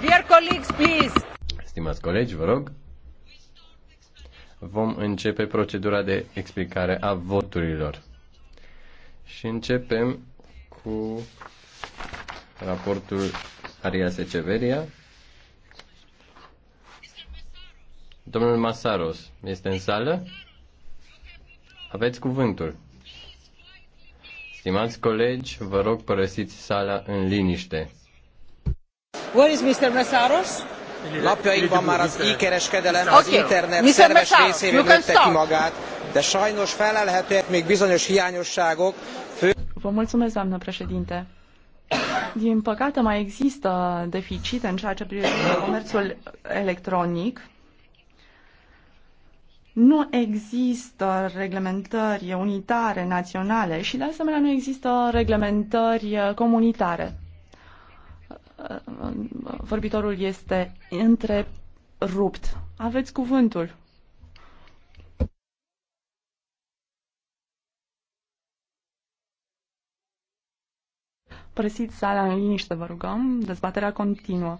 Dear colleagues, please. Stimați colegi, vă rog. Vom începe procedura de explicare a voturilor. Și începem cu raportul Arias Eceveria. Domnul Masaros este în sală? Aveți cuvântul. Stimați colegi, vă rog părăsiți sala în liniște. Where is Mr. Messaros? Napjainkban már az e-kereskedelem az internet szerves részévé nőtte ki magát, de sajnos felelhetőek még bizonyos hiányosságok. Vă mulțumesc, doamnă președinte. Din păcate mai există deficite în ceea ce privește comerțul electronic. Nu există reglementări unitare naționale și de asemenea nu există reglementări comunitare vorbitorul este întrerupt. Aveți cuvântul. Părăsiți sala în liniște, vă rugăm. Dezbaterea continuă.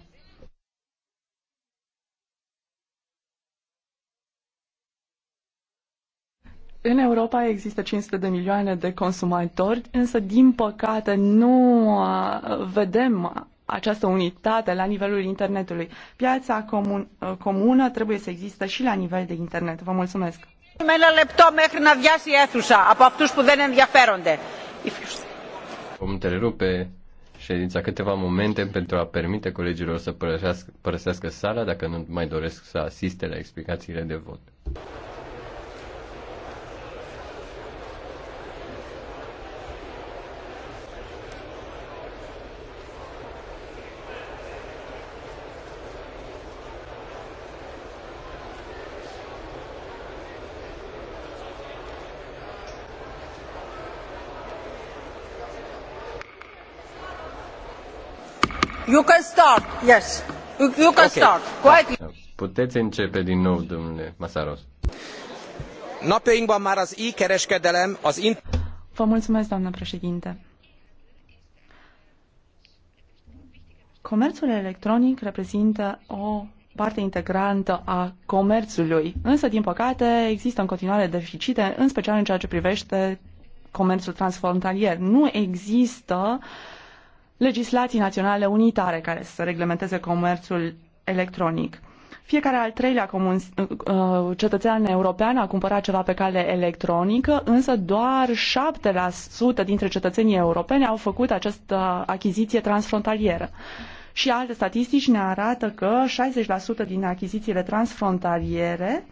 În Europa există 500 de milioane de consumatori, însă, din păcate, nu uh, vedem această unitate la nivelul internetului. Piața comun, uh, comună trebuie să existe și la nivel de internet. Vă mulțumesc! Με ένα λεπτό μέχρι να βιάσει η αίθουσα από αυτούς που δεν ενδιαφέρονται. Vom întrerupe ședința câteva momente pentru a permite colegilor să părăsească, părăsească sala dacă nu mai doresc să asiste la explicațiile de vot. You can start, yes. You, you can okay. start. Quite... Da. Puteți începe din nou, domnule Masaros. Napjainkban már az e-kereskedelem az in... Vă mulțumesc, doamnă președinte. Comerțul electronic reprezintă o parte integrantă a comerțului, însă, din păcate, există în continuare deficite, în special în ceea ce privește comerțul transfrontalier. Nu există uh, legislații naționale unitare care să reglementeze comerțul electronic. Fiecare al treilea comun, uh, cetățean european a cumpărat ceva pe cale electronică, însă doar 7% dintre cetățenii europeni au făcut această achiziție transfrontalieră. Și alte statistici ne arată că 60% din achizițiile transfrontaliere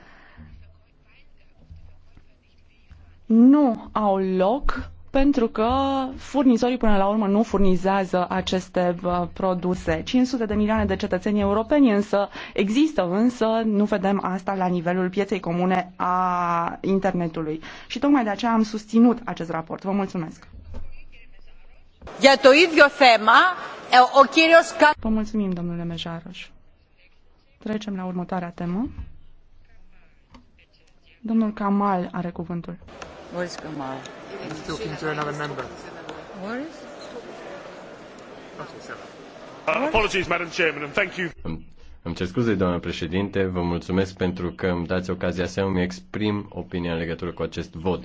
nu au loc pentru că furnizorii până la urmă nu furnizează aceste uh, produse. 500 de milioane de cetățeni europeni însă există, însă nu vedem asta la nivelul pieței comune a internetului. Și tocmai de aceea am susținut acest raport. Vă mulțumesc! Vă mulțumim, domnule Mejaroș. Trecem la următoarea temă. Domnul Kamal are cuvântul. Mulțumesc, Kamal. He's talking to another member. What is? Uh, apologies, Madam Chairman, and thank you. Îmi cer scuze, doamnă președinte, vă mulțumesc pentru că îmi dați ocazia să îmi exprim opinia în legătură cu acest vot.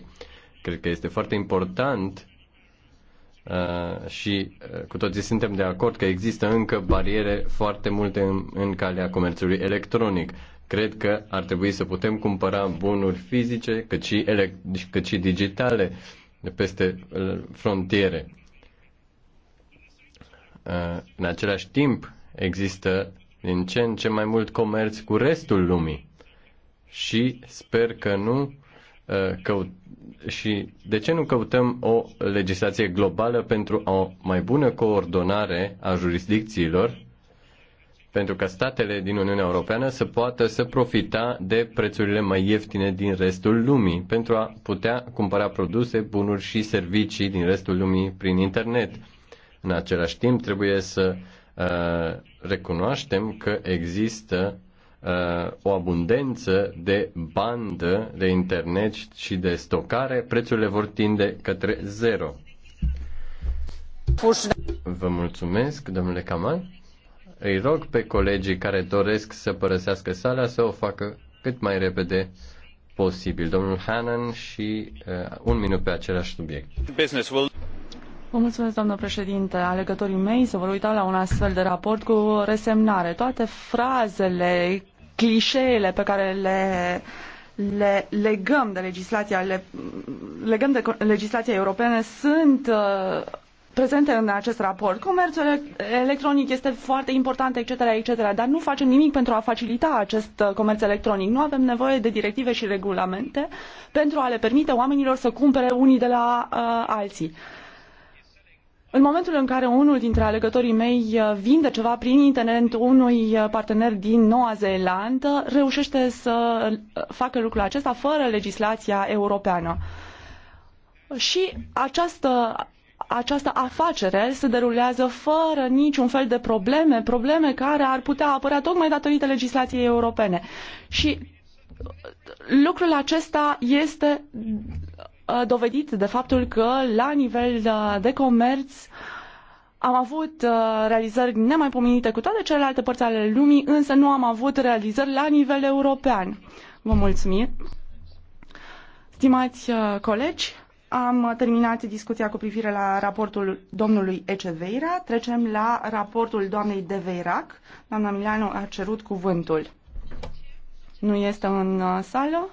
Cred că este foarte important uh, și uh, cu toții suntem de acord că există încă bariere foarte multe în, în calea comerțului electronic. Cred că ar trebui să putem cumpăra bunuri fizice, cât și, cât și digitale. Uh, de peste uh, frontiere. Uh, în același timp, există din ce în ce mai mult comerț cu restul lumii și sper că nu uh, căut, și de ce nu căutăm o legislație globală pentru o mai bună coordonare a jurisdicțiilor pentru ca statele din Uniunea Europeană să poată să profita de prețurile mai ieftine din restul lumii, pentru a putea cumpăra produse, bunuri și servicii din restul lumii prin internet. În același timp, trebuie să uh, recunoaștem că există uh, o abundență de bandă de internet și de stocare, prețurile vor tinde către zero. Vă mulțumesc, domnule Kamal. Îi rog pe colegii care doresc să părăsească sala să o facă cât mai repede posibil. Domnul Hannan și uh, un minut pe același subiect. Vă mulțumesc, doamnă președinte. Alegătorii mei se vor uita la un astfel de raport cu resemnare. Toate frazele, clișeele pe care le le legăm de legislația, le, legăm de legislația europeană sunt uh, prezente în acest raport. Comerțul electronic este foarte important, etc., etc., dar nu facem nimic pentru a facilita acest uh, comerț electronic. Nu avem nevoie de directive și regulamente pentru a le permite oamenilor să cumpere unii de la uh, alții. În momentul în care unul dintre alegătorii mei uh, vinde ceva prin internet unui uh, partener din Noua Zeelandă, reușește să facă lucrul acesta fără legislația europeană. Și această această afacere se derulează fără niciun fel de probleme, probleme care ar putea apărea tocmai datorită legislației europene. Și uh, lucrul acesta este uh, dovedit de faptul că la nivel uh, de comerț am avut realizări nemaipomenite cu toate celelalte părți ale lumii, însă nu am avut realizări la nivel european. Vă mulțumim! Stimați colegi, am terminat discuția cu privire la raportul domnului Eceveira. Trecem la raportul doamnei De Veirac. Doamna Milano a cerut cuvântul. Nu este în uh, sală?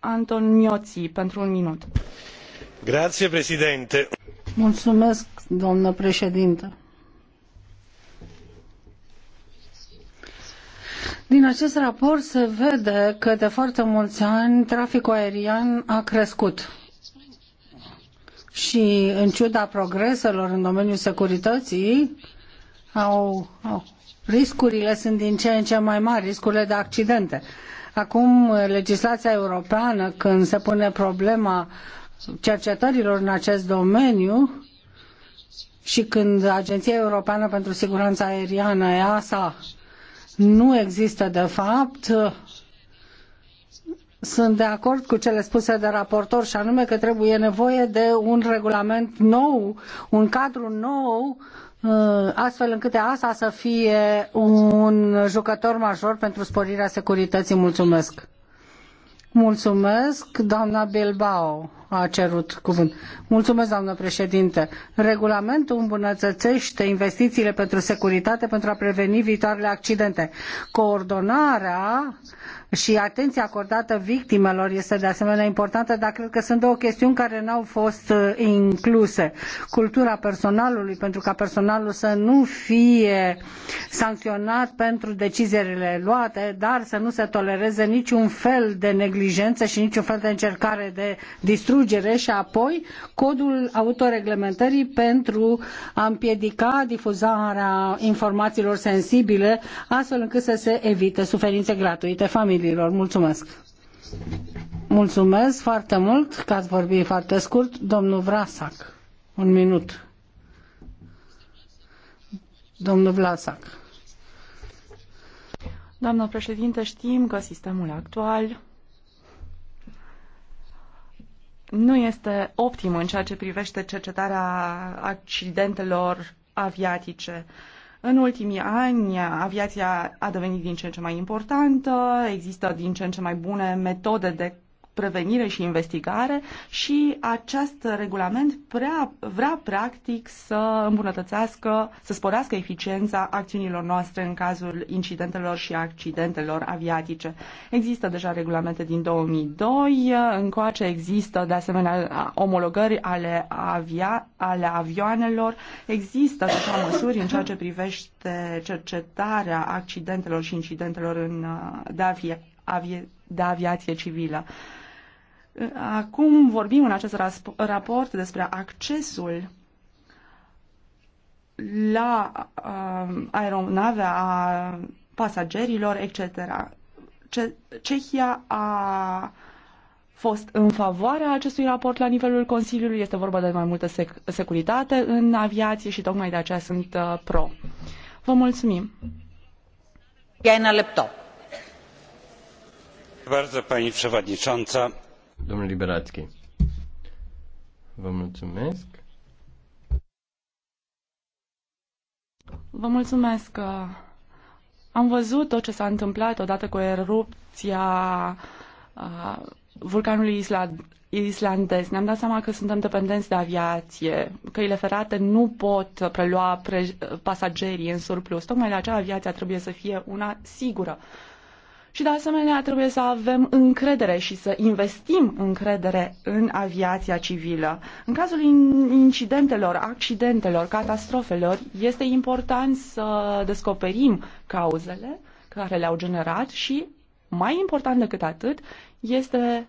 Anton Mioții, pentru un minut. Grazie, președinte. Mulțumesc, doamnă președinte. Din acest raport se vede că de foarte mulți ani traficul aerian a crescut. Și în ciuda progreselor în domeniul securității, au, au, riscurile sunt din ce în ce mai mari, riscurile de accidente. Acum, legislația europeană, când se pune problema cercetărilor în acest domeniu și când Agenția Europeană pentru Siguranța Aeriană, EASA, nu există de fapt. Sunt de acord cu cele spuse de raportor și anume că trebuie nevoie de un regulament nou, un cadru nou uh, astfel încât asta să fie un jucător major pentru sporirea securității. Mulțumesc! Mulțumesc, doamna Bilbao! a cerut cuvânt. Mulțumesc, doamnă președinte. Regulamentul îmbunătățește investițiile pentru securitate pentru a preveni viitoarele accidente. Coordonarea și atenția acordată victimelor este de asemenea importantă, dar cred că sunt două chestiuni care nu au fost uh, incluse. Cultura personalului, pentru ca personalul să nu fie sancționat pentru deciziile luate, dar să nu se tolereze niciun fel de neglijență și niciun fel de încercare de distrugere distrugere și apoi codul autoreglementării pentru a împiedica difuzarea informațiilor sensibile, astfel încât să se evite suferințe gratuite familiilor. Mulțumesc! Mulțumesc foarte mult că ați vorbit foarte scurt. Domnul Vrasac, un minut. Domnul Vlasac. Doamnă președinte, știm că sistemul actual nu este optim în ceea ce privește cercetarea accidentelor aviatice. În ultimii ani, aviația a devenit din ce în ce mai importantă, există din ce în ce mai bune metode de prevenire și investigare și acest regulament prea, vrea practic să îmbunătățească, să sporească eficiența acțiunilor noastre în cazul incidentelor și accidentelor aviatice. Există deja regulamente din 2002, încoace există de asemenea omologări ale, avia, ale avioanelor, există deja măsuri în ceea ce privește cercetarea accidentelor și incidentelor în, de, avia, avie, de aviație civilă. Uh, Acum vorbim în acest raport despre accesul la uh, um, aeronave a pasagerilor, etc. Ce- Cehia a fost în favoarea acestui raport la nivelul Consiliului. Este vorba de mai multă sec- securitate în aviație și tocmai de aceea sunt uh, pro. Vă mulțumim. Ia Bardzo pani przewodnicząca Domnul Liberațchi. Vă mulțumesc. Vă mulțumesc. Am văzut tot ce s-a întâmplat odată cu erupția vulcanului Island islandez. Ne-am dat seama că suntem dependenți de aviație. Căile ferate nu pot prelua pre- pasagerii în surplus. Tocmai de aceea aviația trebuie să fie una sigură. Și de asemenea trebuie să avem încredere și să investim încredere în aviația civilă. În cazul incidentelor, accidentelor, catastrofelor, este important să descoperim cauzele care le-au generat și, mai important decât atât, este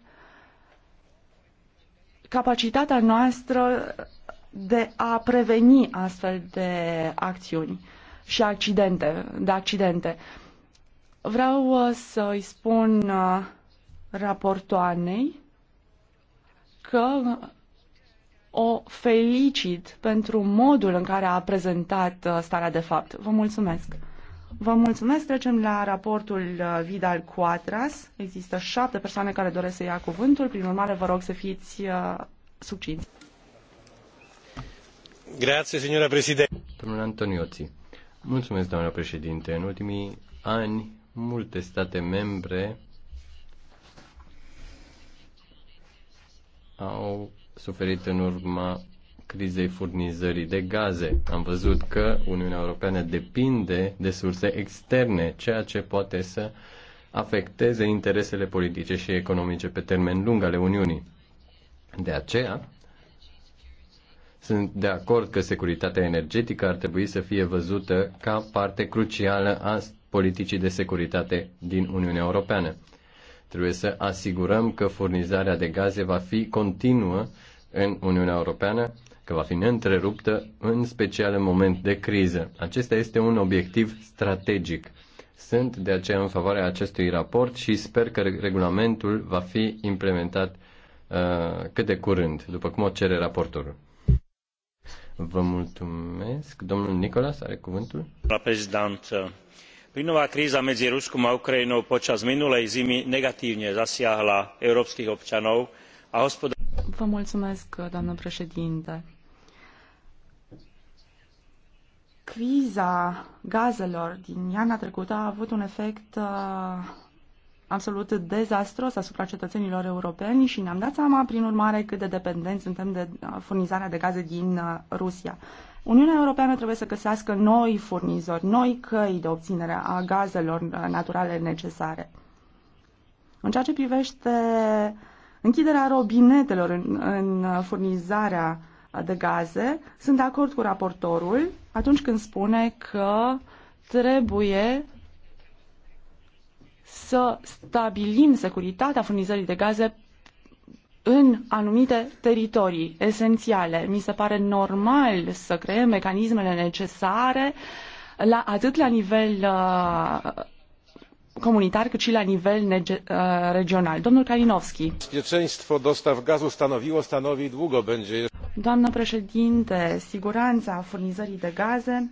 capacitatea noastră de a preveni astfel de acțiuni și accidente, de accidente. Uh, Vreau uh, să îi spun uh, raportoanei că uh, o felicit pentru modul în care a prezentat starea de fapt. Vă mulțumesc! Vă mulțumesc. Trecem la raportul Vidal Cuatras. Există șapte persoane care doresc să ia cuvântul. Prin urmare, vă rog să fiți uh, succinți. Grazie, signora președinte. Domnule Antonioții. Mulțumesc, doamna președinte. În ultimii ani, multe state membre au suferit în urma crizei furnizării de gaze. Am văzut că Uniunea Europeană depinde de surse externe, ceea ce poate să afecteze interesele politice și economice pe termen lung ale Uniunii. De aceea, sunt de acord că securitatea energetică ar trebui să fie văzută ca parte crucială a politicii de securitate din Uniunea Europeană. Trebuie să asigurăm că furnizarea de gaze va fi continuă în Uniunea Europeană, că va fi neîntreruptă, în special în moment de criză. Acesta este un obiectiv strategic. Sunt de aceea în favoarea acestui raport și sper că regulamentul va fi implementat uh, cât de curând, după cum o cere raportorul. Vă mulțumesc. Domnul Nicolas are cuvântul. Prezident, plynová kríza medzi Ruskom a Ukrajinou počas minulej zimy negatívne zasiahla európskych občanov a hospodár... Vă mulțumesc, doamnă președinte. Criza gazelor din iarna trecută a avut un efect uh, absolut dezastros asupra cetățenilor europeni și ne-am dat seama, prin urmare, cât de dependenți suntem de uh, furnizarea de gaze din uh, Rusia. Uniunea Europeană trebuie să găsească noi furnizori, noi căi de obținere a gazelor uh, naturale necesare. În ceea ce privește închiderea robinetelor în, în furnizarea de gaze, sunt de acord cu raportorul atunci când spune că trebuie să stabilim securitatea furnizării de gaze în anumite teritorii esențiale. Mi se pare normal să creăm mecanismele necesare la, atât la nivel uh, comunitar, cât și la nivel nege, uh, regional. Domnul Kalinowski. Doamnă președinte, siguranța furnizării de gaze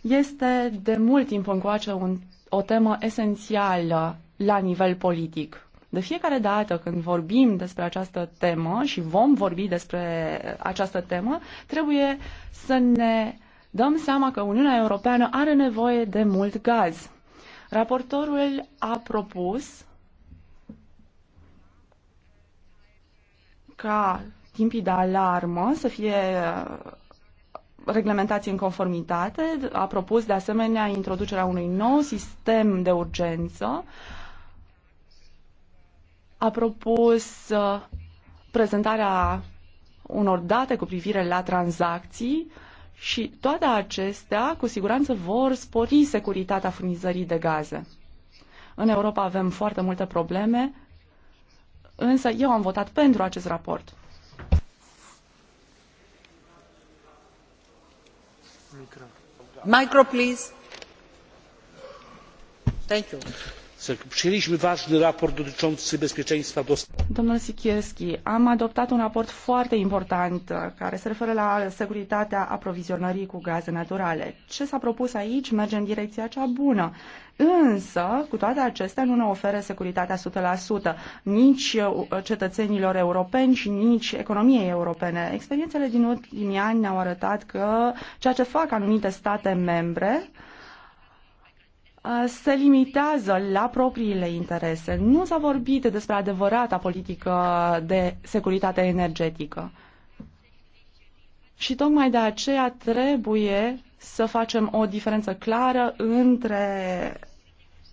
este de mult timp încoace un, o temă esențială la nivel politic. De fiecare dată când vorbim despre această temă și vom vorbi despre această temă, trebuie să ne dăm seama că Uniunea Europeană are nevoie de mult gaz. Raportorul a propus ca timpii de alarmă să fie Reglementații în conformitate. A propus de asemenea introducerea unui nou sistem de urgență. A propus uh, prezentarea unor date cu privire la tranzacții și toate acestea cu siguranță vor spori securitatea furnizării de gaze. În Europa avem foarte multe probleme, însă eu am votat pentru acest raport. przyjęliśmy ważne sprawozdanie dotyczące bezpieczeństwa dostaw. domnule siekierski am adoptat un raport foarte important uh, care se referă la securitatea aprovizionării cu gaze naturale. ce s a propus aici merge în direcția cea bună Însă, cu toate acestea, nu ne oferă securitatea 100%, nici uh, cetățenilor europeni și nici economiei europene. Experiențele din ultimii ani ne-au arătat că ceea ce fac anumite state membre uh, se limitează la propriile interese. Nu s-a vorbit despre adevărata politică de securitate energetică. Și tocmai de aceea trebuie să facem o diferență clară între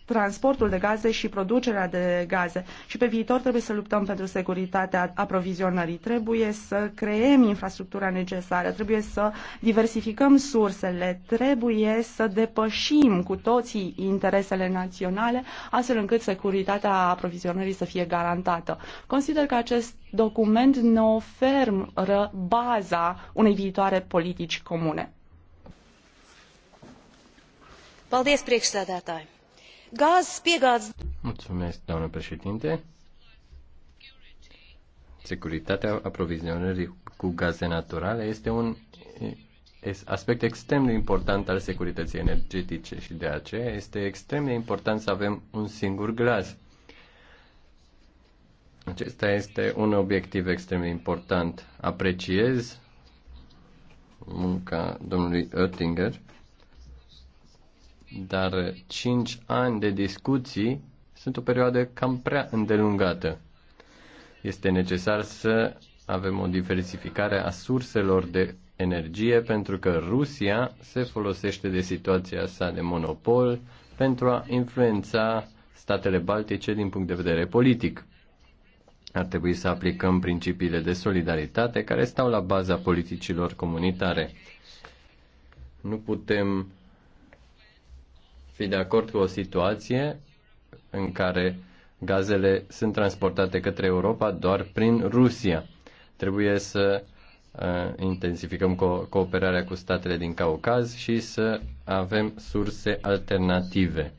transportul de gaze și producerea de gaze. Și pe viitor trebuie să luptăm pentru securitatea aprovizionării. Trebuie să creem infrastructura necesară, trebuie să diversificăm sursele, trebuie să depășim cu toții interesele naționale, astfel încât securitatea aprovizionării să fie garantată. Consider că acest document ne oferă baza unei viitoare politici comune. Paldies, priekšsēdētāji! gaz, gaz. Mulțumesc, doamnă președinte. Securitatea aprovizionării cu gaze naturale este un aspect extrem de important al securității energetice și de aceea este extrem de important să avem un singur glas. Acesta este un obiectiv extrem de important. Apreciez munca domnului Oettinger dar 5 ani de discuții sunt o perioadă cam prea îndelungată. Este necesar să avem o diversificare a surselor de energie pentru că Rusia se folosește de situația sa de monopol pentru a influența statele baltice din punct de vedere politic. Ar trebui să aplicăm principiile de solidaritate care stau la baza politicilor comunitare. Nu putem fi de acord cu o situație în care gazele sunt transportate către Europa doar prin Rusia. Trebuie să uh, intensificăm co- cooperarea cu statele din Caucaz și să avem surse alternative.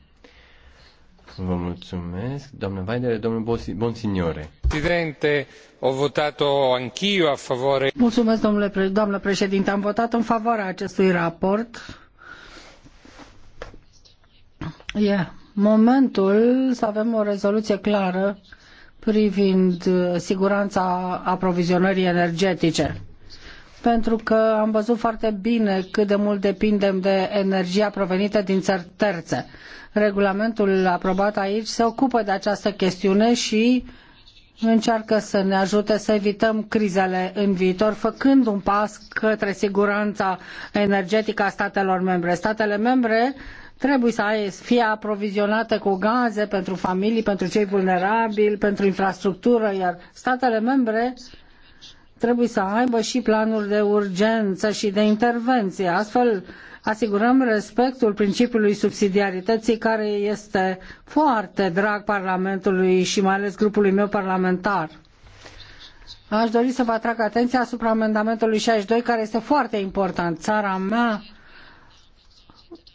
Vă mulțumesc, doamnă Vaidere, domnul Bonsignore. Presidente, ho votato anch'io a favore. Mulțumesc, domnule doamnă președinte, am votat în favoarea acestui raport E momentul să avem o rezoluție clară privind uh, siguranța aprovizionării energetice. Pentru că am văzut foarte bine cât de mult depindem de energia provenită din țări terțe. Regulamentul aprobat aici se ocupă de această chestiune și încearcă să ne ajute să evităm crizele în viitor, făcând un pas către siguranța energetică a statelor membre. Statele membre trebuie să fie aprovizionată cu gaze pentru familii, pentru cei vulnerabili, pentru infrastructură, iar statele membre trebuie să aibă și planuri de urgență și de intervenție. Astfel asigurăm respectul principiului subsidiarității care este foarte drag Parlamentului și mai ales grupului meu parlamentar. Aș dori să vă atrag atenția asupra amendamentului 62 care este foarte important. Țara mea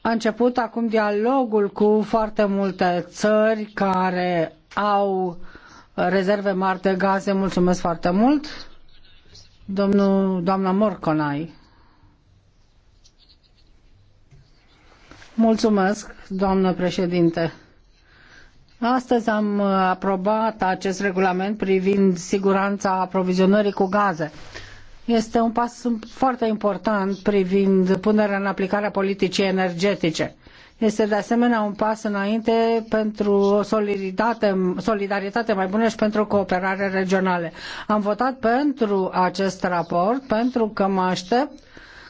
a început acum dialogul cu foarte multe țări care au rezerve mari de gaze. Mulțumesc foarte mult. Domnul, doamna Morconai. Mulțumesc, doamnă președinte. Astăzi am aprobat acest regulament privind siguranța aprovizionării cu gaze este un pas foarte important privind punerea în aplicare a politicii energetice. Este de asemenea un pas înainte pentru o solidaritate, solidaritate mai bună și pentru o cooperare regională. Am votat pentru acest raport pentru că mă aștept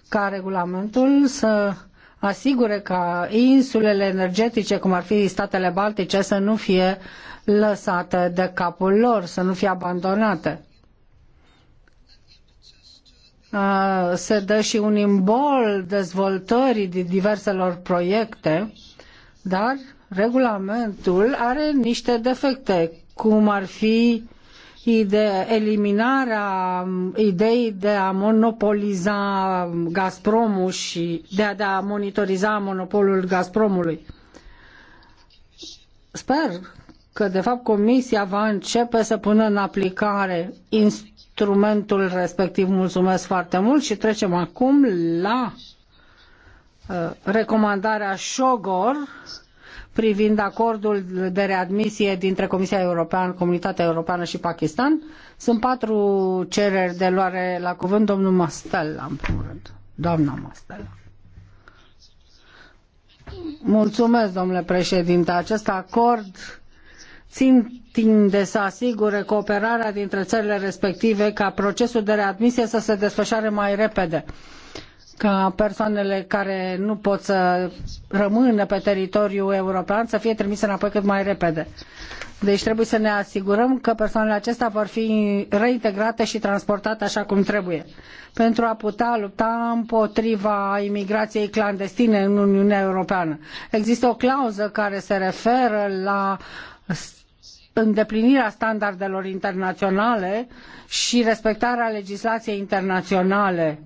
ca regulamentul să asigure ca insulele energetice, cum ar fi statele baltice, să nu fie lăsate de capul lor, să nu fie abandonate se dă și un imbol dezvoltării diverselor proiecte, dar regulamentul are niște defecte, cum ar fi ideea eliminarea ideii de a monopoliza Gazpromul și de a, de a monitoriza monopolul Gazpromului. Sper că, de fapt, Comisia va începe să pună în aplicare instrumente instrumentul respectiv. Mulțumesc foarte mult și trecem acum la uh, recomandarea Șogor privind acordul de readmisie dintre Comisia Europeană, Comunitatea Europeană și Pakistan. Sunt patru cereri de luare la cuvânt, domnul Mastel, în primul rând. Doamna Mastel. Mulțumesc, domnule președinte. Acest acord de să asigure cooperarea dintre țările respective ca procesul de readmisie să se desfășoare mai repede ca persoanele care nu pot să rămână pe teritoriul european să fie trimise înapoi cât mai repede. Deci trebuie să ne asigurăm că persoanele acestea vor fi reintegrate și transportate așa cum trebuie. Pentru a putea lupta împotriva imigrației clandestine în Uniunea Europeană. Există o clauză care se referă la îndeplinirea standardelor internaționale și respectarea legislației internaționale.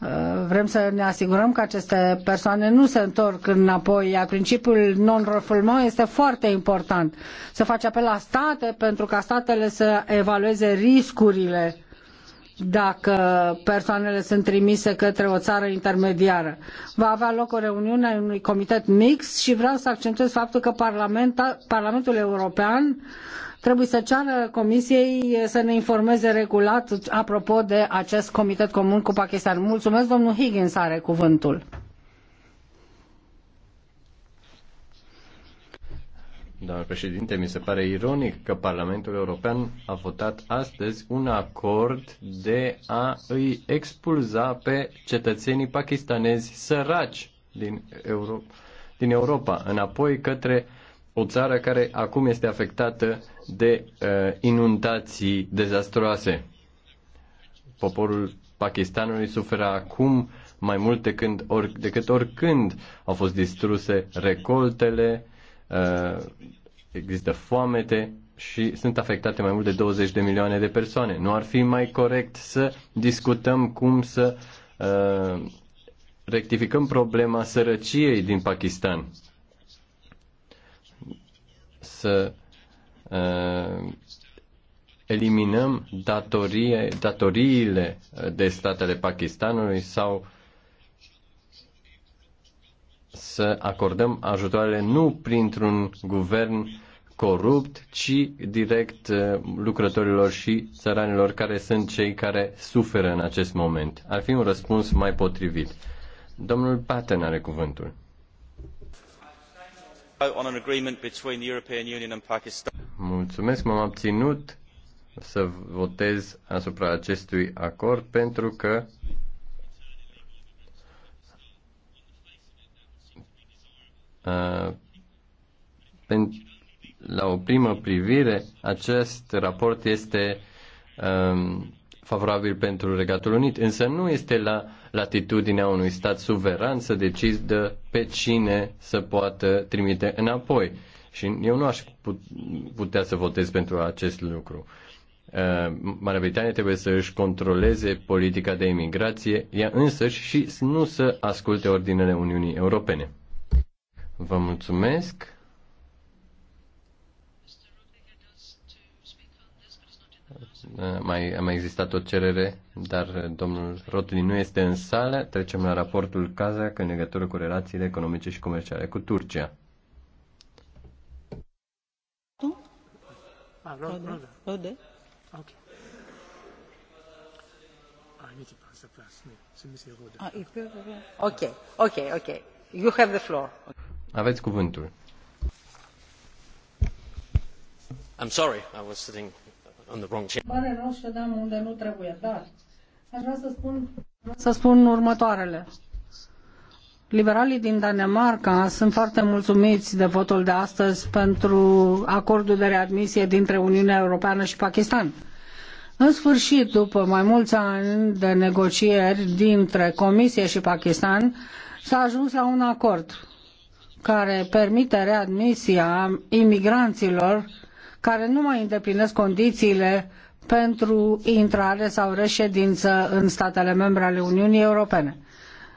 Uh, vrem să ne asigurăm că aceste persoane nu se întorc înapoi, iar principiul non-refoulement este foarte important. Să face apel la state pentru ca statele să evalueze riscurile dacă persoanele sunt trimise către o țară intermediară. Va avea loc o reuniune a unui comitet mix și vreau să accentuez faptul că Parlamentul European trebuie să ceară Comisiei să ne informeze regulat apropo de acest comitet comun cu Pakistan. Mulțumesc, domnul Higgins are cuvântul. Doamna președinte, mi se pare ironic că Parlamentul European a votat astăzi un acord de a îi expulza pe cetățenii pakistanezi săraci din, Euro- din Europa, înapoi către o țară care acum este afectată de uh, inundații dezastroase. Poporul Pakistanului suferă acum mai mult decât, or- decât oricând au fost distruse recoltele, Uh, există foamete și sunt afectate mai mult de 20 de milioane de persoane. Nu ar fi mai corect să discutăm cum să uh, rectificăm problema sărăciei din Pakistan? Să uh, eliminăm datorie, datoriile de statele Pakistanului sau să acordăm ajutoarele nu printr-un guvern corupt, ci direct uh, lucrătorilor și țăranilor care sunt cei care suferă în acest moment. Ar fi un răspuns mai potrivit. Domnul Patten are cuvântul. Mulțumesc, m-am abținut să votez asupra acestui acord pentru că Uh, la o primă privire, acest raport este um, favorabil pentru Regatul Unit, însă nu este la latitudinea unui stat suveran să decidă pe cine să poată trimite înapoi. Și eu nu aș putea să votez pentru acest lucru. Uh, Marea Britanie trebuie să își controleze politica de imigrație, ea însăși și nu să asculte ordinele Uniunii Europene. Vă mulțumesc. Mai, a mai existat o cerere, dar domnul Rotini nu este în sală. Trecem la raportul Kazak în legătură cu relațiile economice și comerciale cu Turcia. Ah, Rode. ok, ok, ok. You have the floor. Aveți cuvântul. I'm sorry, I was sitting on the wrong chair. Pare rău, ședeam unde nu trebuie, dar aș vrea să spun, să spun următoarele. Liberalii din Danemarca sunt foarte mulțumiți de votul de astăzi pentru acordul de readmisie dintre Uniunea Europeană și Pakistan. În sfârșit, după mai mulți ani de negocieri dintre Comisie și Pakistan, s-a ajuns la un acord care permite readmisia imigranților care nu mai îndeplinesc condițiile pentru intrare sau reședință în statele membre ale Uniunii Europene.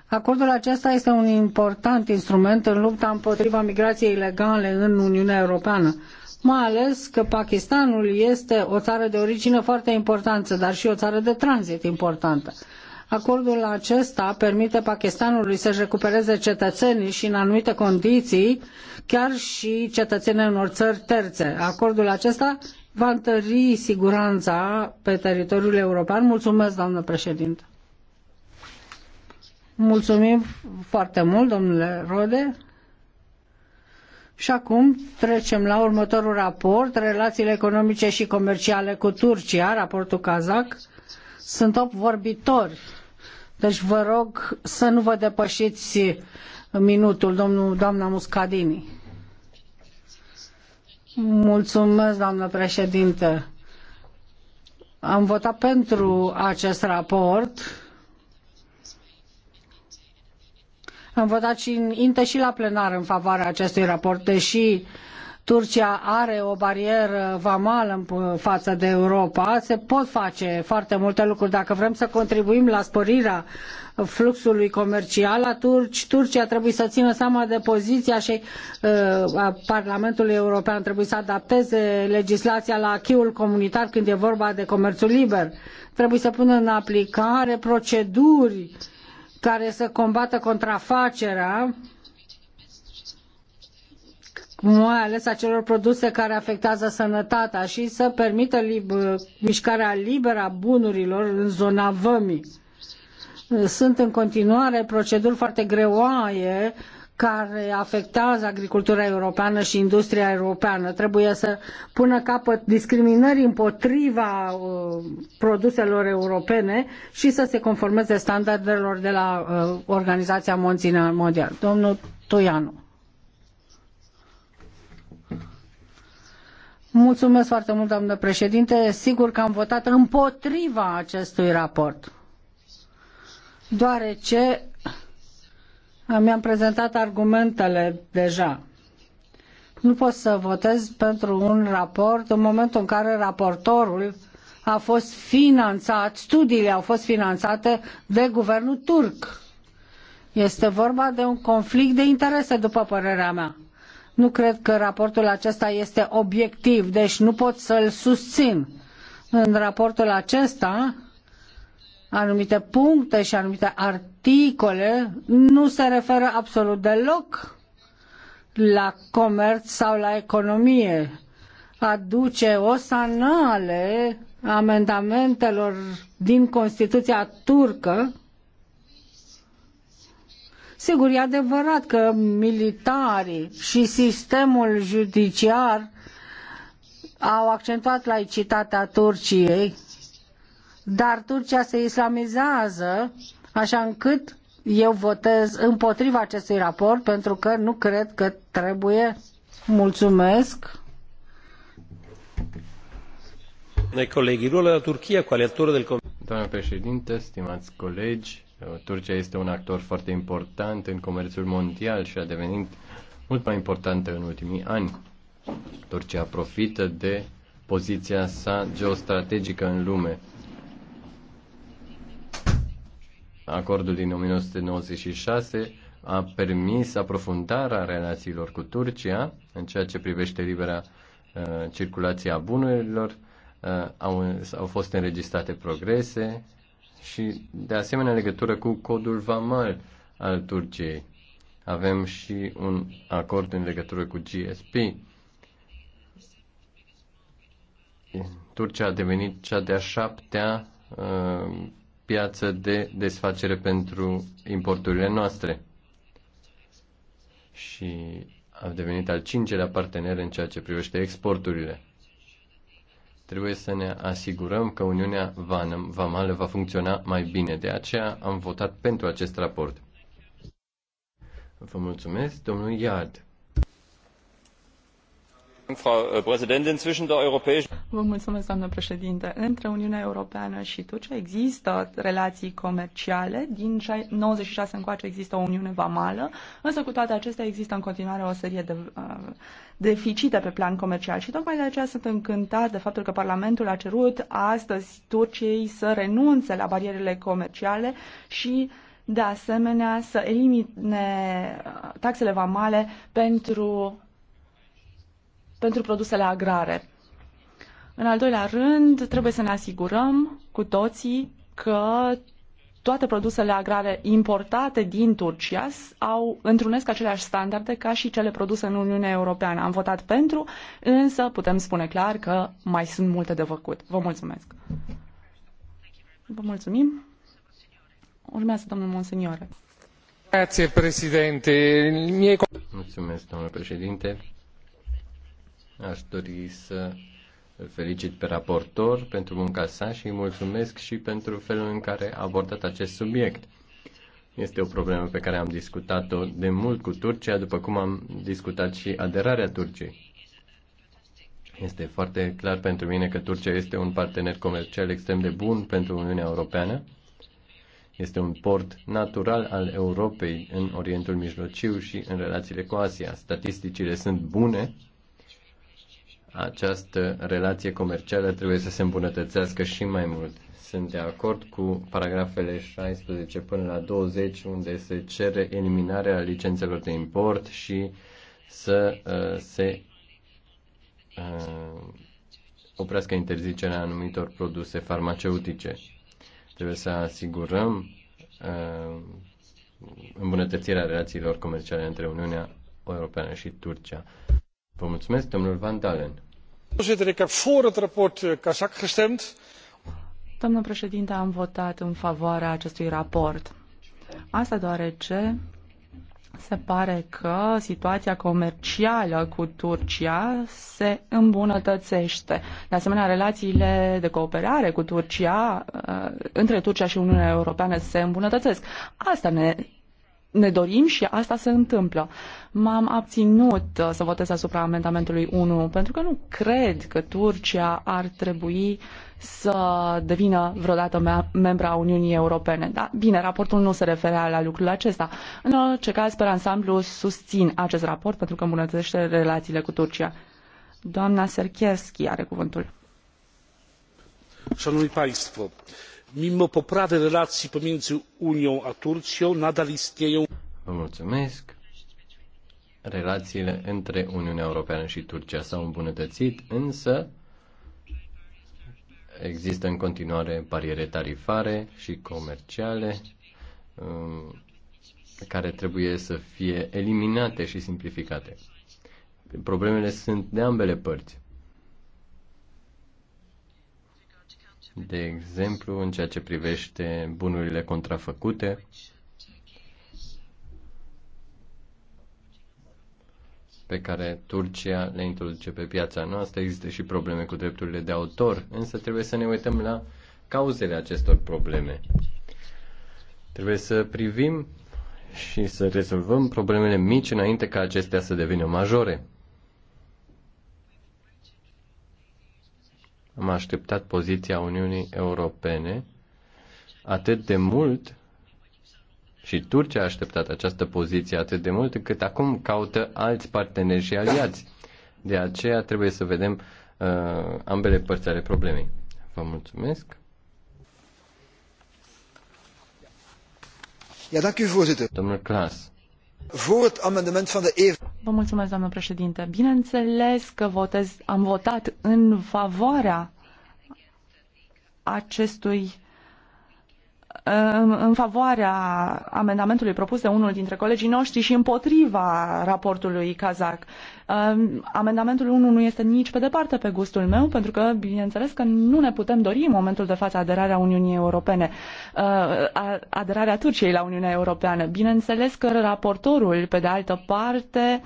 Acordul acesta este un important instrument în lupta împotriva migrației ilegale în Uniunea Europeană, mai ales că Pakistanul este o țară de origine foarte importantă, dar și o țară de tranzit importantă. Acordul acesta permite Pakistanului să-și recupereze cetățenii și în anumite condiții, chiar și cetățenii unor țări terțe. Acordul acesta va întări siguranța pe teritoriul european. Mulțumesc, doamnă președinte. Mulțumim foarte mult, domnule Rode. Și acum trecem la următorul raport, relațiile economice și comerciale cu Turcia, raportul Kazak. Sunt 8 vorbitori deci vă rog să nu vă depășiți minutul, domnul, doamna Muscadini. Mulțumesc, doamnă președinte. Am votat pentru acest raport. Am votat și în inte și la plenar în favoarea acestui raport, deși uh, Turcia are o barieră vamală în față de Europa, se pot face foarte multe lucruri. Dacă vrem să contribuim la sporirea fluxului comercial, atunci Turcia trebuie să țină seama de poziția și uh, Parlamentul European trebuie să adapteze legislația la achiul comunitar când e vorba de comerțul liber. Trebuie să pună în aplicare proceduri care să combată contrafacerea uh, mai ales a celor produse care afectează sănătatea și să permită lib- mișcarea liberă a bunurilor în zona vămii. Sunt în continuare proceduri foarte greoaie care afectează agricultura europeană și industria europeană. Trebuie să pună capăt discriminării împotriva uh, produselor europene și să se conformeze standardelor de la uh, Organizația Mondială. Domnul Toianu. Mulțumesc foarte mult, doamnă președinte. Sigur că am votat împotriva acestui raport, deoarece mi-am prezentat argumentele deja. Nu pot să votez pentru un raport în momentul în care raportorul a fost finanțat, studiile au fost finanțate de guvernul turc. Este vorba de un conflict de interese, după părerea mea. Nu cred că raportul acesta este obiectiv, deci nu pot să-l susțin. În raportul acesta, anumite puncte și anumite articole nu se referă absolut deloc la comerț sau la economie. Aduce o sanale amendamentelor din Constituția turcă Sigur, e adevărat că militarii și sistemul judiciar au accentuat laicitatea Turciei, dar Turcia se islamizează, așa încât eu votez împotriva acestui raport pentru că nu cred că trebuie. Mulțumesc. Doamna președinte, stimați colegi, Uh, Turcia este un actor foarte important în comerțul mondial și a devenit mult mai importantă în ultimii ani. Turcia profită de poziția sa geostrategică în lume. Acordul din 1996 a permis aprofundarea relațiilor cu Turcia în ceea ce privește libera uh, circulație a bunurilor, uh, au, au fost înregistrate progrese și de asemenea legătură cu codul vamal al Turciei. Avem și un acord în legătură cu GSP. Turcia a devenit cea de-a șaptea uh, piață de desfacere pentru importurile noastre și a devenit al cincelea partener în ceea ce privește exporturile. Trebuie să ne asigurăm că Uniunea Vamală va funcționa mai bine. De aceea am votat pentru acest raport. Vă mulțumesc, domnul Iad. Äh, președinte. Între Uniunea Europeană și Turcia există relații comerciale. Din 96 încoace există o Uniune Vamală, însă cu toate acestea există în continuare o serie de uh, deficite pe plan comercial și tocmai de aceea sunt încântat de faptul că Parlamentul a cerut astăzi Turciei să renunțe la barierele comerciale și de asemenea să elimine uh, taxele vamale pentru pentru produsele agrare. În al doilea rând, trebuie să ne asigurăm cu toții că toate produsele agrare importate din Turcia au întrunesc aceleași standarde ca și cele produse în Uniunea Europeană. Am votat pentru, însă putem spune clar că mai sunt multe de făcut. Vă mulțumesc. Vă mulțumim. Urmează domnul Monsignore. Grazie, Mulțumesc, domnule președinte. Aș dori să îl felicit pe raportor pentru munca sa și îi mulțumesc și pentru felul în care a abordat acest subiect. Este o problemă pe care am discutat-o de mult cu Turcia, după cum am discutat și aderarea Turciei. Este foarte clar pentru mine că Turcia este un partener comercial extrem de bun pentru Uniunea Europeană. Este un port natural al Europei în Orientul Mijlociu și în relațiile cu Asia. Statisticile sunt bune această relație comercială trebuie să se îmbunătățească și mai mult. Sunt de acord cu paragrafele 16 până la 20, unde se cere eliminarea licențelor de import și să uh, se uh, oprească interzicerea anumitor produse farmaceutice. Trebuie să asigurăm uh, îmbunătățirea relațiilor comerciale între Uniunea Europeană și Turcia. Vă mulțumesc, domnul Van Dalen. Voorzitter, eh, președinte, am votat în favoarea acestui raport. Asta deoarece se pare că situația comercială cu Turcia se îmbunătățește. De asemenea, relațiile de cooperare cu Turcia, eh, între Turcia și Uniunea Europeană se îmbunătățesc. Asta ne ne dorim și asta se întâmplă. M-am abținut uh, să votez asupra amendamentului 1 pentru că nu cred că Turcia ar trebui să devină vreodată membra a Uniunii Europene. Da, bine, raportul nu se referea la lucrul acesta. În orice caz, pe ansamblu, susțin acest raport pentru că îmbunătățește relațiile cu Turcia. Doamna Sercheschi are cuvântul. Szanowni Państwo, mimo poprawy relacji pomiędzy unią a turcją nadal istnieją Relațiile între Uniunea Europeană și Turcia s-au îmbunătățit, însă există în continuare bariere tarifare și comerciale um, care trebuie să fie eliminate și simplificate. Problemele sunt de ambele părți. de exemplu, în ceea ce privește bunurile contrafăcute, pe care Turcia le introduce pe piața noastră. Există și probleme cu drepturile de autor, însă trebuie să ne uităm la cauzele acestor probleme. Trebuie să privim și să rezolvăm problemele mici înainte ca acestea să devină majore. am așteptat poziția Uniunii Europene atât de mult și Turcia a așteptat această poziție atât de mult încât acum caută alți parteneri și aliați. De aceea trebuie să vedem uh, ambele părți ale problemei. Vă mulțumesc. Ja, dank u voorzitter. Domnul Klaas. Voor het amendement van de EVP Vă mulțumesc, doamnă președinte. Bineînțeles că votez, am votat în favoarea acestui în favoarea amendamentului propus de unul dintre colegii noștri și împotriva raportului Kazak. Um, amendamentul 1 nu este nici pe departe pe gustul meu, pentru că, bineînțeles, că nu ne putem dori în momentul de față aderarea Uniunii Europene, uh, aderarea Turciei la Uniunea Europeană. Bineînțeles că raportorul, pe de altă parte,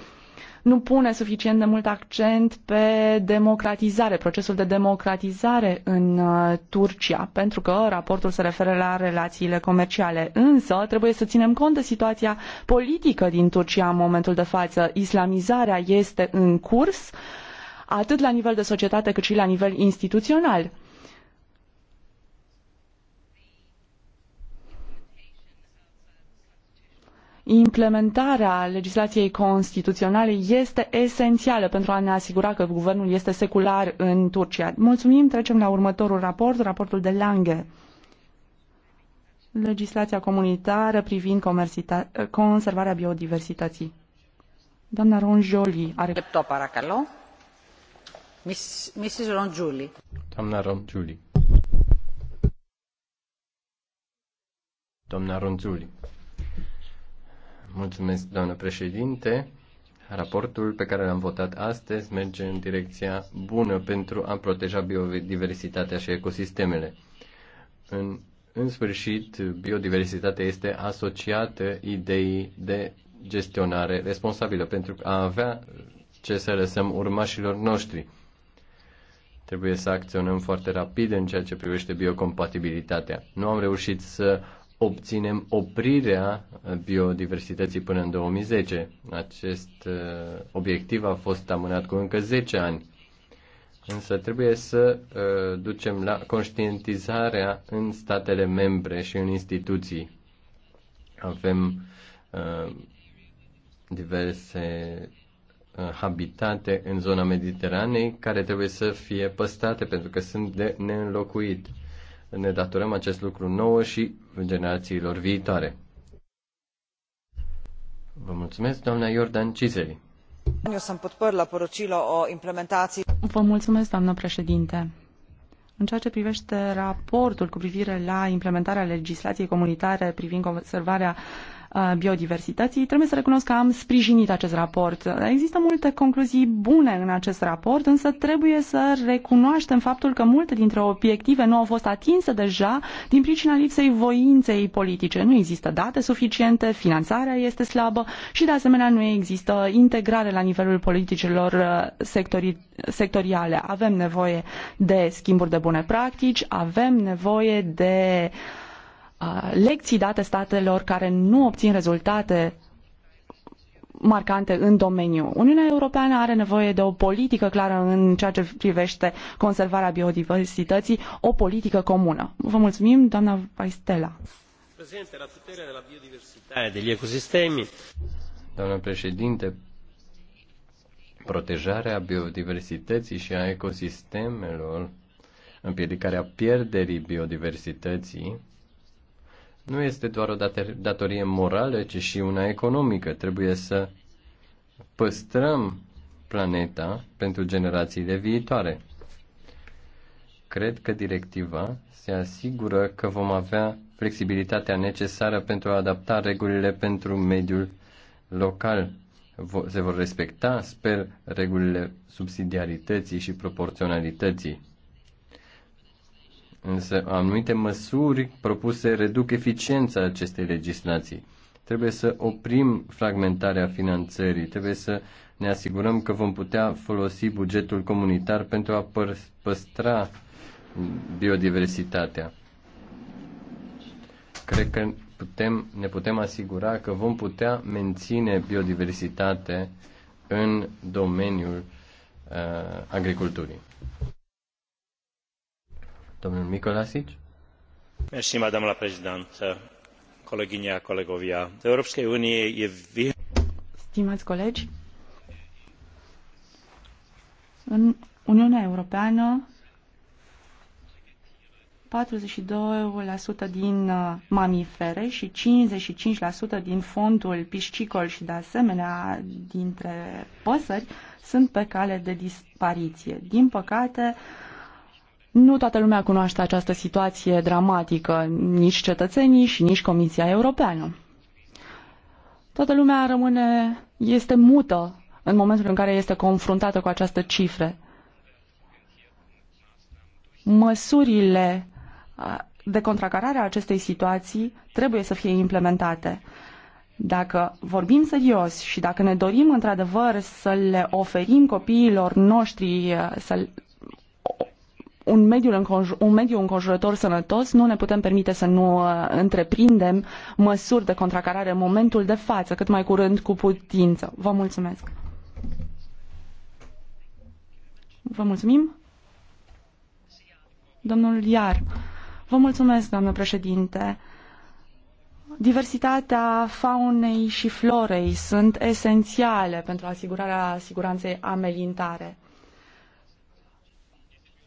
nu pune suficient de mult accent pe democratizare, procesul de democratizare în uh, Turcia, pentru că raportul se referă la relațiile comerciale. Însă trebuie să ținem cont de situația politică din Turcia în momentul de față. Islamizarea este în curs atât la nivel de societate cât și la nivel instituțional. implementarea legislației constituționale este esențială pentru a ne asigura că guvernul este secular în Turcia. Mulțumim, trecem la următorul raport, raportul de Lange. Legislația comunitară privind conservarea biodiversității. Doamna Ronjoli are... Lepto, paracalo. Miss, Mrs. Ronjoli. Doamna Ronjoli. Doamna Ronjoli. Mulțumesc, doamnă președinte. Raportul pe care l-am votat astăzi merge în direcția bună pentru a proteja biodiversitatea și ecosistemele. În, în sfârșit, biodiversitatea este asociată ideii de gestionare responsabilă pentru a avea ce să lăsăm urmașilor noștri. Trebuie să acționăm foarte rapid în ceea ce privește biocompatibilitatea. Nu am reușit să obținem oprirea biodiversității până în 2010. Acest uh, obiectiv a fost amânat cu încă 10 ani. Însă trebuie să uh, ducem la conștientizarea în statele membre și în instituții. Avem uh, diverse habitate în zona Mediteranei care trebuie să fie păstrate pentru că sunt de neînlocuit ne datorăm acest lucru nouă și generațiilor viitoare. Vă mulțumesc, doamna Iordan Cizeli. Eu sunt putpăr la porocilo o implementație. Vă mulțumesc, doamnă președinte. În ceea ce privește raportul cu privire la implementarea legislației comunitare privind conservarea uh, biodiversității. Trebuie să recunosc că am sprijinit acest raport. Există multe concluzii bune în acest raport, însă trebuie să recunoaștem faptul că multe dintre obiective nu au fost atinse deja din pricina lipsei voinței politice. Nu există date suficiente, finanțarea este slabă și de asemenea nu există integrare la nivelul politicilor uh, sectori, sectoriale. Avem nevoie de schimburi de bune practici, avem nevoie de Uh, lecții date statelor care nu obțin rezultate marcante în domeniu. Uniunea Europeană are nevoie de o politică clară în ceea ce privește conservarea biodiversității, o politică comună. Vă mulțumim, doamna Paistela. Presidente, la tutela della biodiversità e degli ecosistemi. Doamna președinte, protejarea biodiversității și a ecosistemelor, împiedicarea pierderii biodiversității, nu este doar o datorie morală, ci și una economică. Trebuie să păstrăm planeta pentru generațiile viitoare. Cred că directiva se asigură că vom avea flexibilitatea necesară pentru a adapta regulile pentru mediul local. Se vor respecta, sper, regulile subsidiarității și proporționalității Însă anumite măsuri propuse reduc eficiența acestei legislații. Trebuie să oprim fragmentarea finanțării, trebuie să ne asigurăm că vom putea folosi bugetul comunitar pentru a păstra biodiversitatea. Cred că putem, ne putem asigura că vom putea menține biodiversitate în domeniul uh, agriculturii. Domnul Micolasic. Mersi, madame la președintă, coleginia, colegovia. Europskej Unie e... Stimați colegi, în Uniunea Europeană 42% din uh, mamifere și 55% din fondul piscicol și de asemenea dintre păsări sunt pe cale de dispariție. Din păcate, nu toată lumea cunoaște această situație dramatică, nici cetățenii și nici Comisia Europeană. Toată lumea rămâne, este mută în momentul în care este confruntată cu această cifre. Măsurile de contracarare a acestei situații trebuie să fie implementate. Dacă vorbim serios și dacă ne dorim într-adevăr să le oferim copiilor noștri, să un mediu, înconjur, un mediu înconjurător sănătos, nu ne putem permite să nu uh, întreprindem măsuri de contracarare în momentul de față, cât mai curând cu putință. Vă mulțumesc! Vă mulțumim! Domnul Iar, vă mulțumesc, doamnă președinte! Diversitatea faunei și florei sunt esențiale pentru asigurarea siguranței amelintare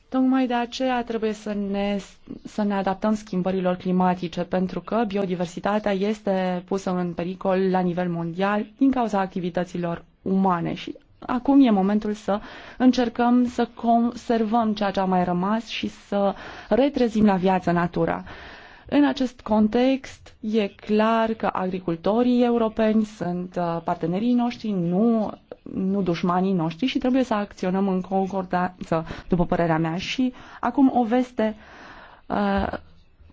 Tocmai de aceea trebuie să ne, să ne adaptăm schimbărilor climatice, pentru că biodiversitatea este pusă în pericol la nivel mondial din cauza activităților umane și acum e momentul să încercăm să conservăm ceea ce a mai rămas și să retrezim la viață natura. În acest context, e clar că agricultorii europeni sunt uh, partenerii noștri, nu, nu dușmanii noștri și trebuie să acționăm în concordanță, după părerea mea. Și acum o veste uh,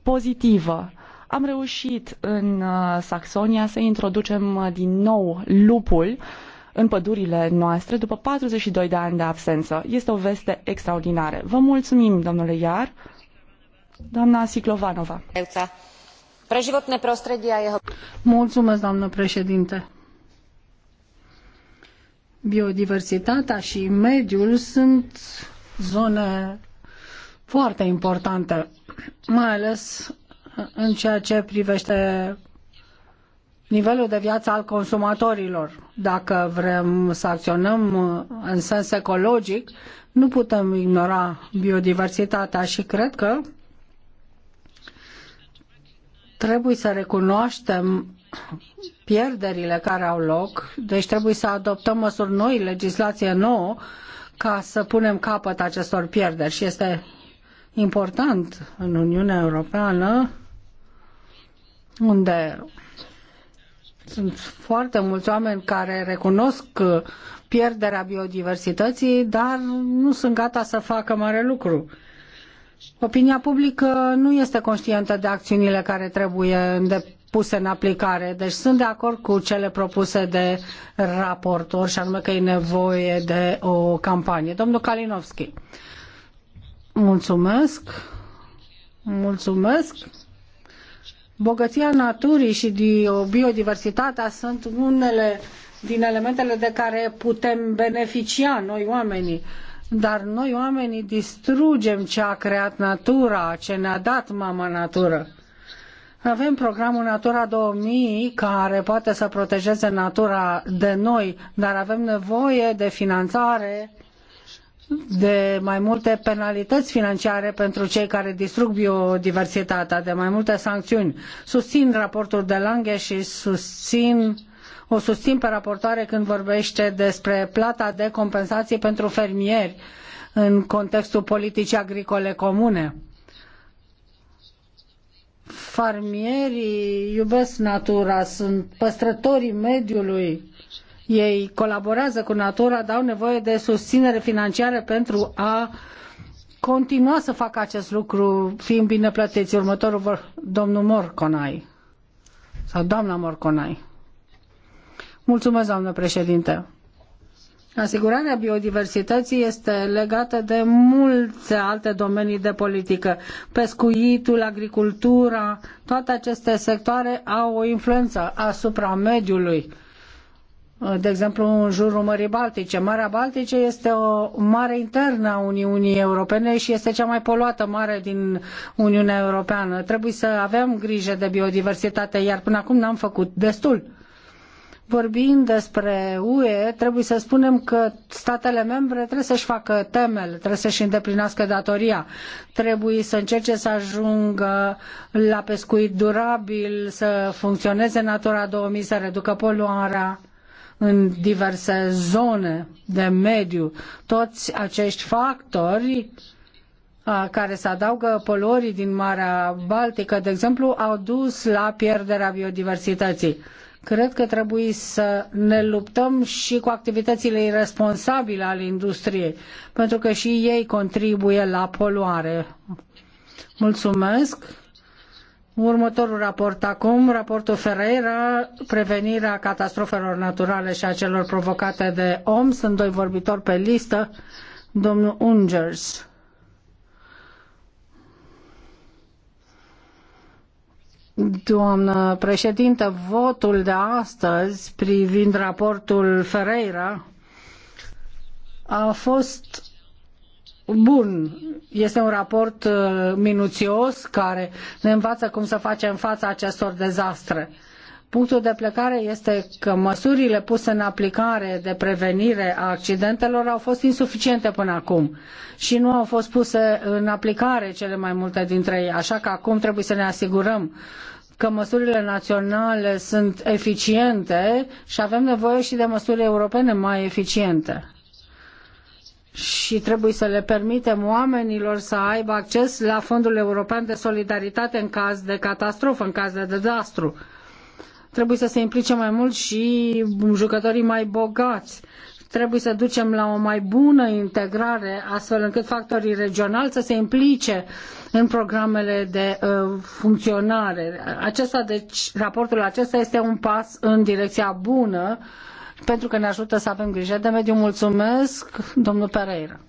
pozitivă. Am reușit în uh, Saxonia să introducem uh, din nou lupul în pădurile noastre după 42 de ani de absență. Este o veste extraordinară. Vă mulțumim, domnule Iar Mulțumesc, președinte. Biodiversitatea și mediul sunt zone foarte importante, mai ales în ceea ce privește nivelul de viață al consumatorilor. Dacă vrem să acționăm în sens ecologic, nu putem ignora biodiversitatea și cred că Trebuie să recunoaștem pierderile care au loc, deci trebuie să adoptăm măsuri noi, legislație nouă, ca să punem capăt acestor pierderi. Și este important în Uniunea Europeană, unde sunt foarte mulți oameni care recunosc pierderea biodiversității, dar nu sunt gata să facă mare lucru. Opinia publică nu este conștientă de acțiunile care trebuie puse în aplicare. Deci sunt de acord cu cele propuse de raportor și anume că e nevoie de o campanie. Domnul Kalinowski. Mulțumesc. Mulțumesc. Bogăția naturii și biodiversitatea sunt unele din elementele de care putem beneficia noi oamenii. Uh, dar noi oamenii distrugem ce a creat natura, ce ne-a dat mama natură. Avem programul Natura 2000 care poate să protejeze natura de noi, dar avem nevoie de finanțare de mai multe penalități financiare pentru cei care distrug biodiversitatea, de mai multe sancțiuni. Susțin raportul de Lange și susțin o susțin pe raportoare când vorbește despre plata de compensaie pentru fermieri în contextul politicii agricole comune. Farmierii iubesc natura, sunt păstrătorii mediului, ei colaborează cu natura, dar au nevoie de susținere financiară pentru a continua să facă acest lucru, fiind bine plătiți. Următorul vor, domnul Morconai, sau doamna Morconai. Mulțumesc, doamnă președinte. Asigurarea biodiversității este legată de multe alte domenii de politică. Pescuitul, agricultura, toate aceste sectoare au o influență asupra mediului. De exemplu, în jurul Mării Baltice. Marea Baltice este o mare internă a Uniunii Europene și este cea mai poluată mare din Uniunea Europeană. Trebuie să avem grijă de biodiversitate, iar până acum n-am făcut destul vorbind despre UE, trebuie să spunem că statele membre trebuie să-și facă temele, trebuie să-și îndeplinească datoria, trebuie să încerce să ajungă la pescuit durabil, să funcționeze Natura 2000, să reducă poluarea în diverse zone de mediu. Toți acești factori care se adaugă poluării din Marea Baltică, de exemplu, au dus la pierderea biodiversității Cred că trebuie să ne luptăm și cu activitățile irresponsabile ale industriei, pentru că și ei contribuie la poluare. Mulțumesc! Următorul raport acum, raportul Ferreira, prevenirea catastrofelor naturale și a celor provocate de om. Sunt doi vorbitori pe listă. Domnul Ungers. Doamnă președintă, votul de astăzi privind raportul Ferreira a fost bun. Este un raport uh, minuțios care ne învață cum să facem față acestor dezastre. Punctul de plecare este că măsurile puse în aplicare de prevenire a accidentelor au fost insuficiente până acum și nu au fost puse în aplicare cele mai multe dintre ele, așa că acum trebuie să ne asigurăm că măsurile naționale sunt eficiente și avem nevoie și de măsuri europene mai eficiente. Și trebuie să le permitem oamenilor să aibă acces la Fondul European de Solidaritate în caz de catastrofă, în caz de dezastru Trebuie să se implice mai mult și jucătorii mai bogați. Trebuie să ducem la o mai bună integrare, astfel încât factorii regionali să se implice în programele de uh, funcționare. Acesta, deci, raportul acesta este un pas în direcția bună pentru că ne ajută să avem grijă de mediu. Mulțumesc, domnul Pereira.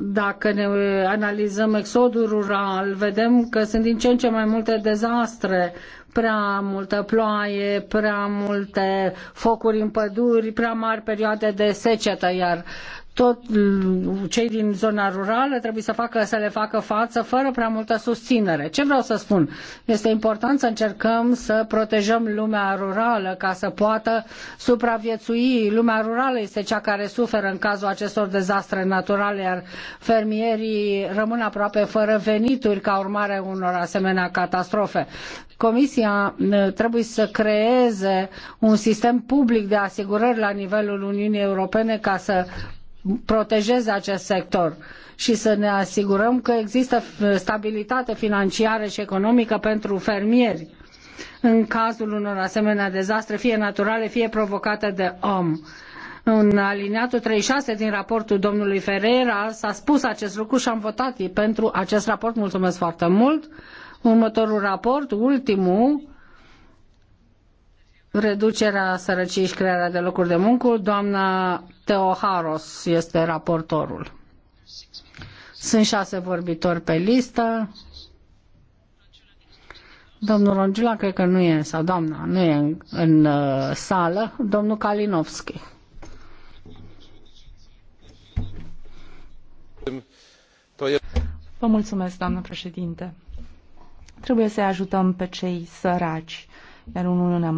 dacă ne analizăm exodul rural, vedem că sunt din ce în ce mai multe dezastre, prea multă ploaie, prea multe focuri în păduri, prea mari perioade de secetă, iar uh, tot cei din zona rurală trebuie să facă să le facă față fără prea multă susținere. Ce vreau să spun? Este important să încercăm să protejăm lumea rurală ca să poată supraviețui. Lumea rurală este cea care suferă în cazul acestor dezastre naturale, iar fermierii rămân aproape fără venituri ca urmare a unor asemenea catastrofe. Comisia trebuie să creeze un sistem public de asigurări la nivelul Uniunii Europene ca să protejeze acest sector și să ne asigurăm că există stabilitate financiară și economică pentru fermieri în cazul unor asemenea dezastre, fie naturale, fie provocate de om. În aliniatul 36 din raportul domnului Ferreira s-a spus acest lucru și am votat pentru acest raport. Mulțumesc foarte mult. Următorul raport, ultimul, reducerea sărăciei și crearea de locuri de muncă, doamna Teoharos este raportorul. Sunt șase vorbitori pe listă. Domnul Rongila cred că nu e, sau doamna, nu e în, în uh, sală. Domnul Kalinovski. Vă mulțumesc, doamnă președinte. Trebuie să ajutăm pe cei săraci iar Uniunea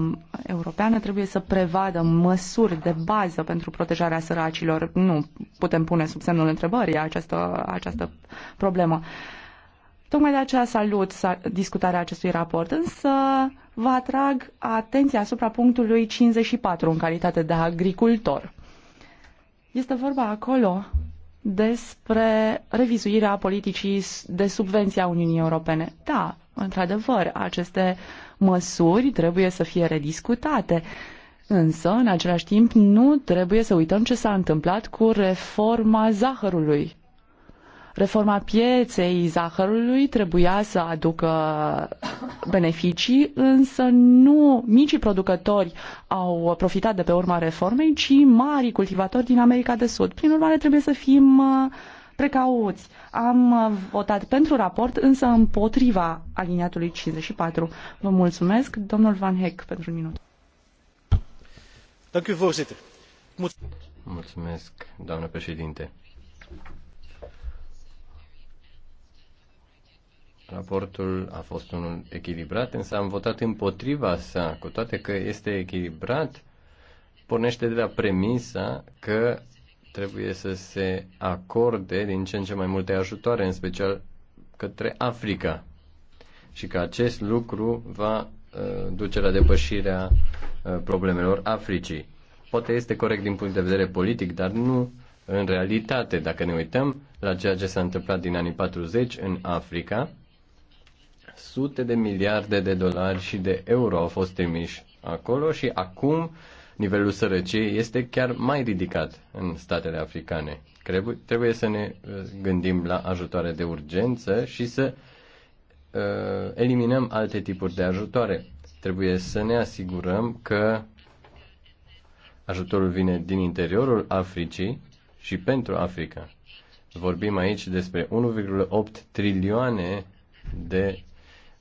Europeană trebuie să prevadă măsuri de bază pentru protejarea săracilor. Nu putem pune sub semnul întrebării această, această problemă. Tocmai de aceea salut discutarea acestui raport, însă vă atrag atenția asupra punctului 54 în calitate de agricultor. Este vorba acolo despre revizuirea politicii de subvenție a Uniunii Europene. Da, într-adevăr, aceste uh, măsuri trebuie să fie rediscutate. Însă, în același timp, nu trebuie să uităm ce s-a întâmplat cu reforma zahărului. Reforma pieței zahărului trebuia să aducă beneficii, însă nu micii producători au profitat de pe urma reformei, ci marii cultivatori din America de Sud. Prin urmare, trebuie să fim uh, precauți. Am uh, votat pentru raport, însă împotriva aliniatului 54. Vă mulțumesc, domnul Van Heck, pentru un minut. Mulțumesc, doamnă președinte. Raportul a fost unul echilibrat, însă am votat împotriva sa, cu toate că este echilibrat, pornește de la premisa că trebuie să se acorde din ce în ce mai multe ajutoare, în special către Africa. Și că acest lucru va uh, duce la depășirea uh, problemelor Africii. Poate este corect din punct de vedere politic, dar nu în realitate. Dacă ne uităm la ceea ce s-a întâmplat din anii 40 în Africa, sute de miliarde de dolari și de euro au fost trimiși acolo și acum uh, nivelul sărăciei este chiar mai ridicat în statele africane. Trebuie să ne uh, gândim la ajutoare de urgență și să uh, eliminăm alte tipuri de ajutoare. Trebuie să ne asigurăm că ajutorul vine din interiorul Africii și pentru Africa. Vorbim aici despre 1,8 trilioane de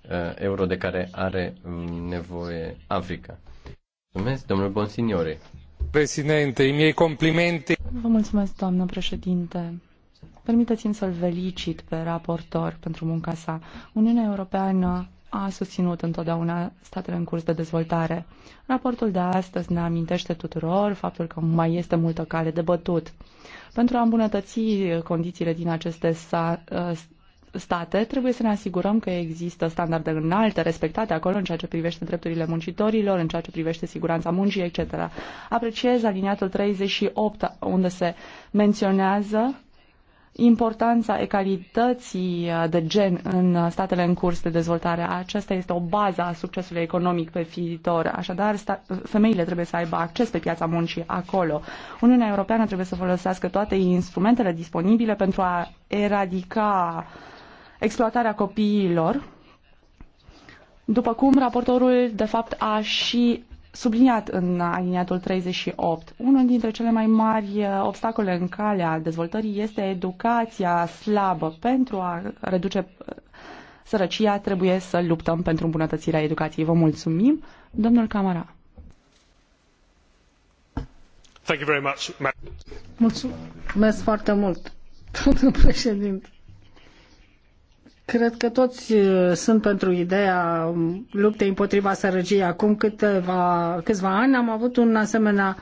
uh, euro de care are nevoie Africa. Mulțumesc, domnul Bonsignore. Președinte, îmi iei complimente. Vă mulțumesc, doamnă președinte. Permiteți-mi să-l felicit pe raportor pentru munca sa. Uniunea Europeană a susținut întotdeauna statele în curs de dezvoltare. Raportul de astăzi ne amintește tuturor faptul că mai este multă cale de bătut. Pentru a îmbunătăți condițiile din aceste sa, state, trebuie să ne asigurăm că există standarde înalte, respectate acolo în ceea ce privește drepturile muncitorilor, în ceea ce privește siguranța muncii, etc. Apreciez aliniatul 38, unde se menționează importanța egalității de gen în statele în curs de dezvoltare. Aceasta este o bază a succesului economic pe viitor. Așadar, femeile trebuie să aibă acces pe piața muncii acolo. Uniunea Europeană trebuie să folosească toate instrumentele disponibile pentru a eradica uh, exploatarea copiilor. După cum raportorul, de fapt, a și subliniat în aliniatul 38, unul dintre cele mai mari uh, obstacole în calea dezvoltării este educația slabă. Pentru a reduce uh, sărăcia, trebuie să luptăm pentru îmbunătățirea educației. Vă mulțumim, domnul Camara. Mulțumesc foarte mult, domnul președinte. Cred că toți uh, sunt pentru ideea um, luptei împotriva sărăciei. Acum câteva, câțiva ani am avut un asemenea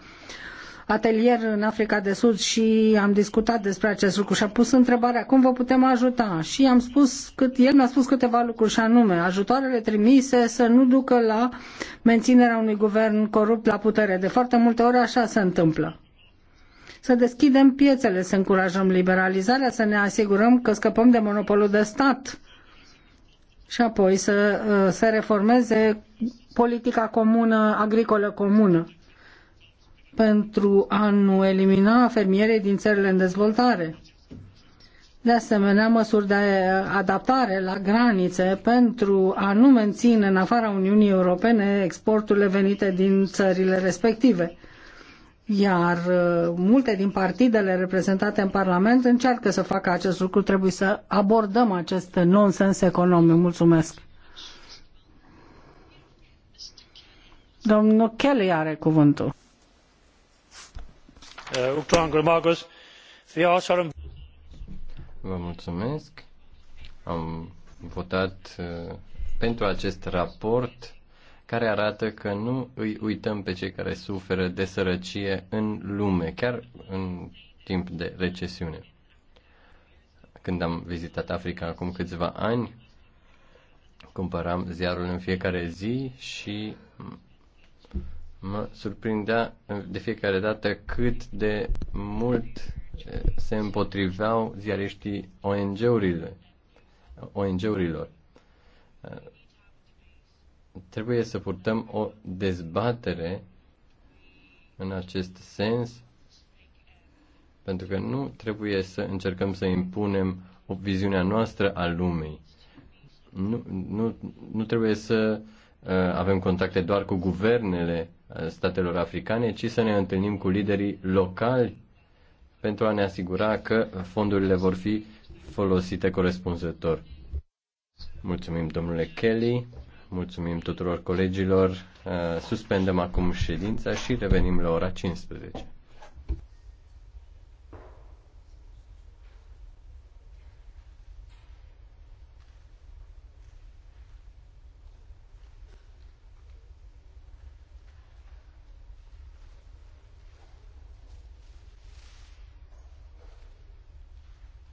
atelier în Africa de Sud și am discutat despre acest lucru și a pus întrebarea cum vă putem ajuta și am spus, cât, el mi-a spus câteva lucruri și anume ajutoarele trimise să nu ducă la menținerea unui guvern corupt la putere. De foarte multe ori așa se întâmplă să deschidem piețele, să încurajăm liberalizarea, să ne asigurăm că scăpăm de monopolul de stat și apoi să uh, se reformeze politica comună, agricolă comună pentru a nu elimina fermierii din țările în dezvoltare. De asemenea, măsuri de adaptare la granițe pentru a nu menține în afara Uniunii Europene exporturile venite din țările respective. Iar uh, multe din partidele reprezentate în Parlament încearcă să facă acest lucru. Trebuie să abordăm acest nonsens economic. Mulțumesc. Domnul Kelly are cuvântul. Uh, Vă mulțumesc. Am votat uh, pentru acest raport care arată că nu îi uităm pe cei care suferă de sărăcie în lume, chiar în timp de recesiune. Când am vizitat Africa acum câțiva ani, cumpăram ziarul în fiecare zi și mă surprindea de fiecare dată cât de mult eh, se împotriveau ziariștii ONG-urile, ONG-urilor. Eh, trebuie să purtăm o dezbatere în acest sens, pentru că nu trebuie să încercăm să impunem o viziunea noastră a lumii. Nu, nu, nu trebuie să uh, avem contacte doar cu guvernele uh, statelor africane, ci să ne întâlnim cu liderii locali pentru a ne asigura că fondurile vor fi folosite corespunzător. Mulțumim, domnule Kelly. Mulțumim tuturor colegilor. Suspendăm acum ședința și revenim la ora 15.